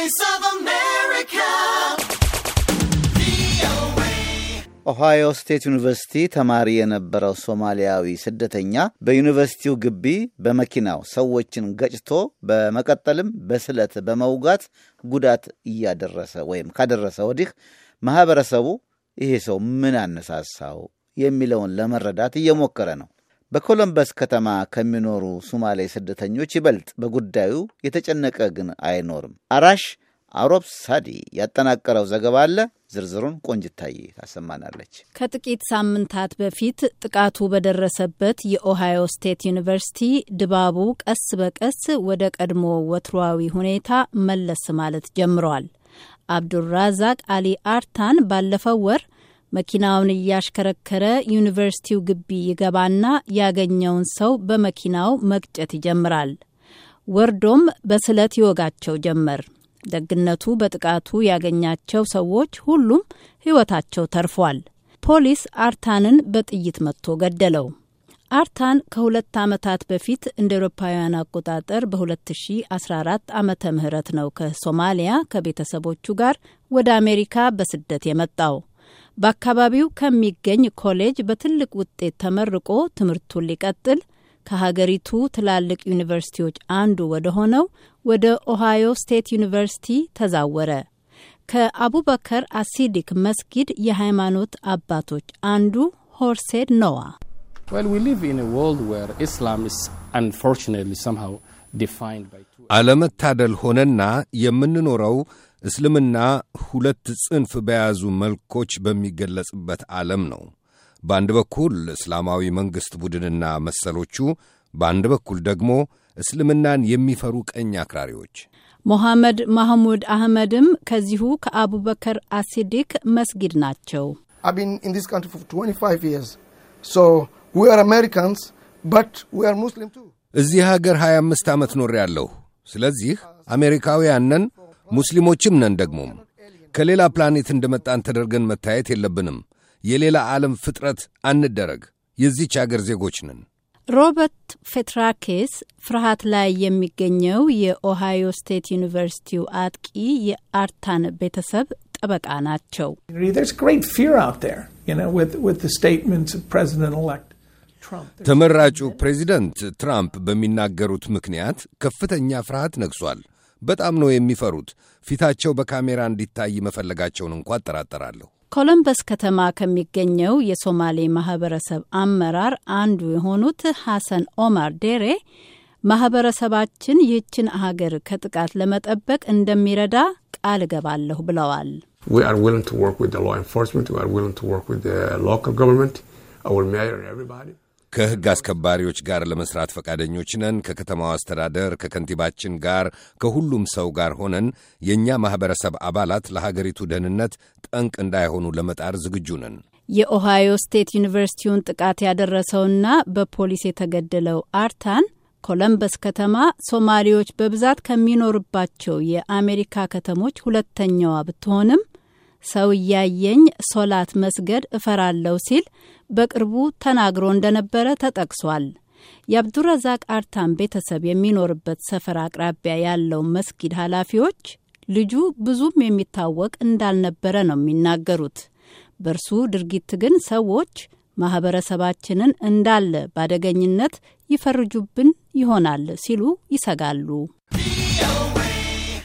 Voice of America. ኦሃዮ ስቴት ዩኒቨርሲቲ ተማሪ የነበረው ሶማሊያዊ ስደተኛ በዩኒቨርሲቲው ግቢ በመኪናው ሰዎችን ገጭቶ በመቀጠልም በስለት በመውጋት ጉዳት እያደረሰ ወይም ካደረሰ ወዲህ ማህበረሰቡ ይሄ ሰው ምን አነሳሳው የሚለውን ለመረዳት እየሞከረ ነው። በኮሎምበስ ከተማ ከሚኖሩ ሱማሌ ስደተኞች ይበልጥ በጉዳዩ የተጨነቀ ግን አይኖርም። አራሽ አሮብ ሳዲ ያጠናቀረው ዘገባ አለ። ዝርዝሩን ቆንጅታይ ታሰማናለች። ከጥቂት ሳምንታት በፊት ጥቃቱ በደረሰበት የኦሃዮ ስቴት ዩኒቨርሲቲ ድባቡ ቀስ በቀስ ወደ ቀድሞ ወትሯዊ ሁኔታ መለስ ማለት ጀምሯል። አብዱራዛቅ አሊ አርታን ባለፈው ወር መኪናውን እያሽከረከረ ዩኒቨርሲቲው ግቢ ይገባና ያገኘውን ሰው በመኪናው መግጨት ይጀምራል። ወርዶም በስለት ይወጋቸው ጀመር። ደግነቱ በጥቃቱ ያገኛቸው ሰዎች ሁሉም ሕይወታቸው ተርፏል። ፖሊስ አርታንን በጥይት መጥቶ ገደለው። አርታን ከሁለት ዓመታት በፊት እንደ ኤሮፓውያን አቆጣጠር በ2014 ዓመተ ምህረት ነው ከሶማሊያ ከቤተሰቦቹ ጋር ወደ አሜሪካ በስደት የመጣው። በአካባቢው ከሚገኝ ኮሌጅ በትልቅ ውጤት ተመርቆ ትምህርቱን ሊቀጥል ከሀገሪቱ ትላልቅ ዩኒቨርሲቲዎች አንዱ ወደ ሆነው ወደ ኦሃዮ ስቴት ዩኒቨርሲቲ ተዛወረ። ከአቡበከር አሲዲክ መስጊድ የሃይማኖት አባቶች አንዱ ሆርሴድ ነዋ አለመታደል ሆነና የምንኖረው እስልምና ሁለት ጽንፍ በያዙ መልኮች በሚገለጽበት ዓለም ነው። በአንድ በኩል እስላማዊ መንግሥት ቡድንና መሰሎቹ፣ በአንድ በኩል ደግሞ እስልምናን የሚፈሩ ቀኝ አክራሪዎች። ሞሐመድ ማህሙድ አህመድም ከዚሁ ከአቡበከር አሲዲክ መስጊድ ናቸው። እዚህ ሀገር 25 ዓመት ኖሬ ያለሁ። ስለዚህ አሜሪካውያን ነን ሙስሊሞችም ነን። ደግሞም ከሌላ ፕላኔት እንደመጣን ተደርገን መታየት የለብንም። የሌላ ዓለም ፍጥረት አንደረግ። የዚች አገር ዜጎች ነን። ሮበርት ፌትራኬስ ፍርሃት ላይ የሚገኘው የኦሃዮ ስቴት ዩኒቨርሲቲው አጥቂ የአርታን ቤተሰብ ጠበቃ ናቸው። ተመራጩ ፕሬዚደንት ትራምፕ በሚናገሩት ምክንያት ከፍተኛ ፍርሃት ነግሷል። በጣም ነው የሚፈሩት። ፊታቸው በካሜራ እንዲታይ መፈለጋቸውን እንኳ እጠራጠራለሁ። ኮሎምበስ ከተማ ከሚገኘው የሶማሌ ማህበረሰብ አመራር አንዱ የሆኑት ሐሰን ኦማር ዴሬ ማህበረሰባችን ይህችን ሀገር ከጥቃት ለመጠበቅ እንደሚረዳ ቃል እገባለሁ ብለዋል። ዊ ከሕግ አስከባሪዎች ጋር ለመስራት ፈቃደኞች ነን። ከከተማው አስተዳደር ከከንቲባችን ጋር ከሁሉም ሰው ጋር ሆነን የእኛ ማኅበረሰብ አባላት ለሀገሪቱ ደህንነት ጠንቅ እንዳይሆኑ ለመጣር ዝግጁ ነን። የኦሃዮ ስቴት ዩኒቨርሲቲውን ጥቃት ያደረሰውና በፖሊስ የተገደለው አርታን ኮለምበስ ከተማ ሶማሌዎች በብዛት ከሚኖርባቸው የአሜሪካ ከተሞች ሁለተኛዋ ብትሆንም ሰው እያየኝ ሶላት መስገድ እፈራለሁ ሲል በቅርቡ ተናግሮ እንደነበረ ተጠቅሷል። የአብዱረዛቅ አርታም ቤተሰብ የሚኖርበት ሰፈር አቅራቢያ ያለው መስጊድ ኃላፊዎች ልጁ ብዙም የሚታወቅ እንዳልነበረ ነው የሚናገሩት። በእርሱ ድርጊት ግን ሰዎች ማህበረሰባችንን እንዳለ በአደገኝነት ይፈርጁብን ይሆናል ሲሉ ይሰጋሉ።